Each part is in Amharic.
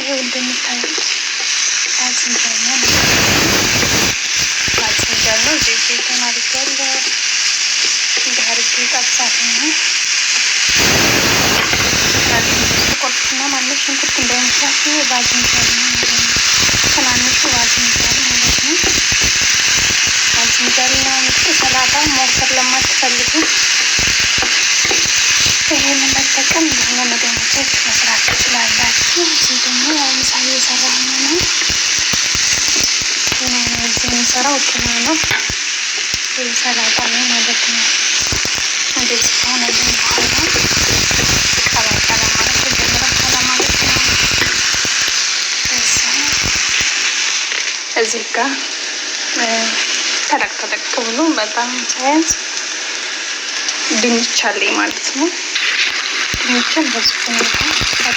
ይሄ እንደምታዩት ባዝንጃል ነው። ባዝንጃል ነው። ዘይት ተማሪክ ያለ እንዲህ አድርጌ ጣብሳት ነው። ባዝንጃል ቆርጥና ማለት ሽንኩርት እንዳይመስላችሁ ባዝንጃል ሰላጣ ነው ማለት ነው። እንደዚህ ከሆነ ቀላቀላ ማለት ማለት ነው። እዚህ ጋር ተለቅ ተለቅ ብሎ በጣም ሳያንስ ድንች አለኝ ማለት ነው። ድንችን ሁኔታ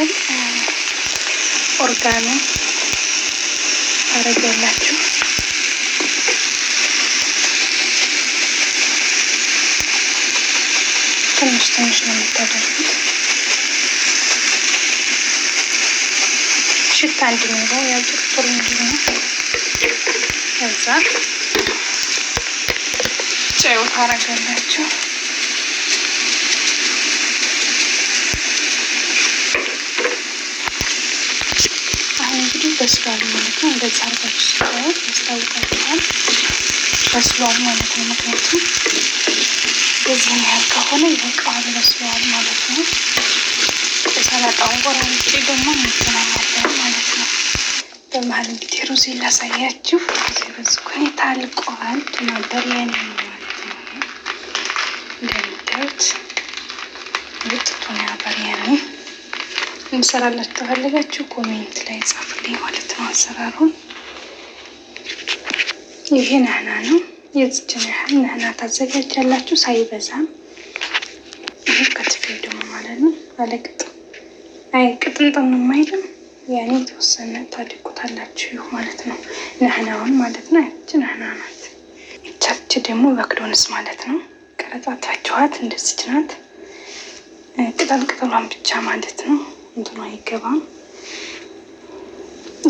የሚባል ኦርጋኖ አረገላችሁ። ትንሽ ትንሽ ነው የምታደርጉት። ሽታ እንዲኖረው ያው ጥርጥሩ እንዲሆን ከዛ ጨው ታረጋላችሁ። በስሏል ማለት ነው። እንደዚህ አርጋችሁ ስታዩት ያስታውቃችኋል በስሏል ማለት ነው። ምክንያቱም በዚህ ያህል ከሆነ ይበቃዋል፣ በስሏል ማለት ነው። ሰላጣውን ቆራርጬ ደግሞ እንገናኛለን ማለት ነው። በመሀል እንግዲህ ሩዝ ላሳያችሁ። በዚህ ሁኔታ ልቆሃል ነበር የኔ ማለት ነው። እንደምታዩት ልጥቱን ነበር ያ እንሰራላችሁ ተፈልጋችሁ ኮሜንት ላይ ጻፉልኝ ማለት ነው። አሰራሩን ይሄ ናህና ነው። የዝችን ያህል ናህና ታዘጋጃላችሁ ሳይበዛም። ይሄ ከትፌ ደግሞ ማለት ነው። አለቅጥ አይ ቅጥንጥም የማይልም ያኔ የተወሰነ ታድቁታላችሁ ይሁ ማለት ነው። ናህናውን ማለት ነው። ያች ናህና ናት። ቻች ደግሞ በክዶንስ ማለት ነው። ቀረጻታችኋት እንደዚች ናት። ቅጠል ቅጠሏን ብቻ ማለት ነው። እንትኑ አይገባም።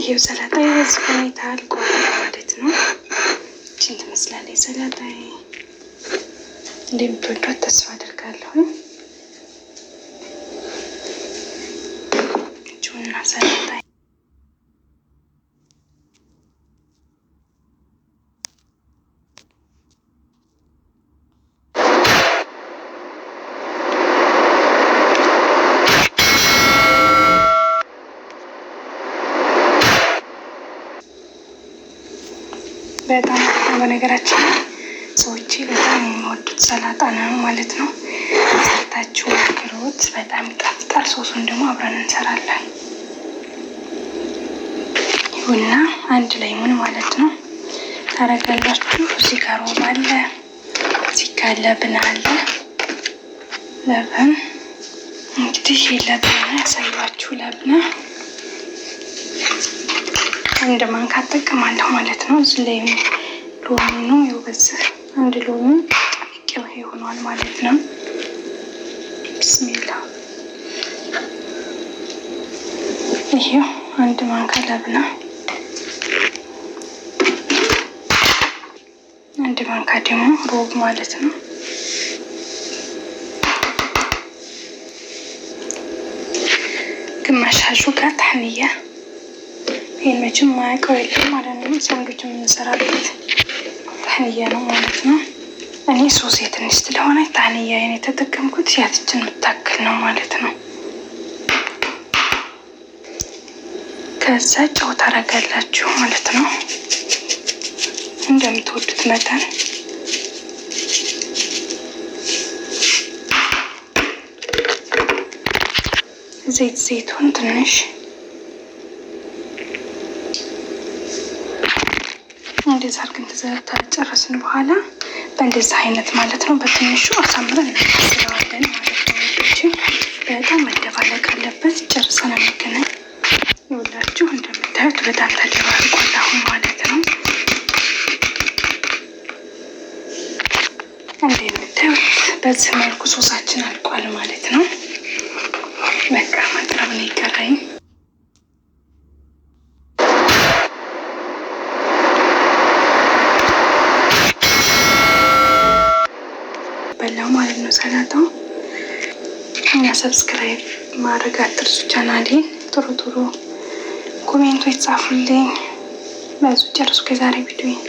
ይሄው ሰላጣ በዚህ ሁኔታ አልቋል ማለት ነው። ችን ትመስላለች ሰላጣ። እንደምትወዷት ተስፋ አድርጋለሁ። ቹና ሰላጣ በጣም በነገራችን ላይ ሰዎች በጣም የሚወዱት ሰላጣ ነው ማለት ነው። ሰርታችሁ ሞክሩት፣ በጣም ይጣፍጣል። ሶሱን ደግሞ አብረን እንሰራለን። ይሁና አንድ ላይ ምን ማለት ነው ታረጋላችሁ። እዚህ ጋር ሮብ አለ፣ እዚህ ጋር አለ። ለብን እንግዲህ ለብን ያሳያችሁ ለብና እንደ ማንካ እጠቀማለሁ ማለት ነው። እዚህ ላይ ሎሚ ነው ያው በዚህ አንድ ሎሚ ጠቅቄው ይሆኗል ማለት ነው። ብስሚላ ይሄው አንድ ማንካ ለብና አንድ ማንካ ደግሞ ሮብ ማለት ነው። ግማሽ ሹቃ ታህንያ ይህን መቼም ማያውቀው የለም ማለት ነው። ሳንዱች የምንሰራበት ታንያ ነው ማለት ነው። እኔ ሶሴ የትንሽ ስለሆነ ታንያ ይን የተጠቀምኩት ያትችን የምታክል ነው ማለት ነው። ከዛ ጨው ታረጋላችሁ ማለት ነው እንደምትወዱት መጠን ዘይት ዘይቱን ትንሽ እንደዛ አድርገን ተጨረስን በኋላ በእንደዛ አይነት ማለት ነው በትንሹ አሳምረን እንስለዋለን ማለት ነው። ወንዶችን በጣም መደባለቅ አለበት። ጨርሰን ምግን ይኸውላችሁ እንደምታዩት በጣም ተደባልቋል አሁን ማለት ነው። እንደምታዩት በዚህ መልኩ ሶሳችን አልቋል ማለት ነው። በላው ማለት ነው ሰላጣው። እና ሰብስክራይብ ማድረግ አትርሱ ቻናሌን። ጥሩ ጥሩ ኮሜንቶች ጻፉልኝ። በዙ ጨርሱ ከዛሬ ቪዲዮ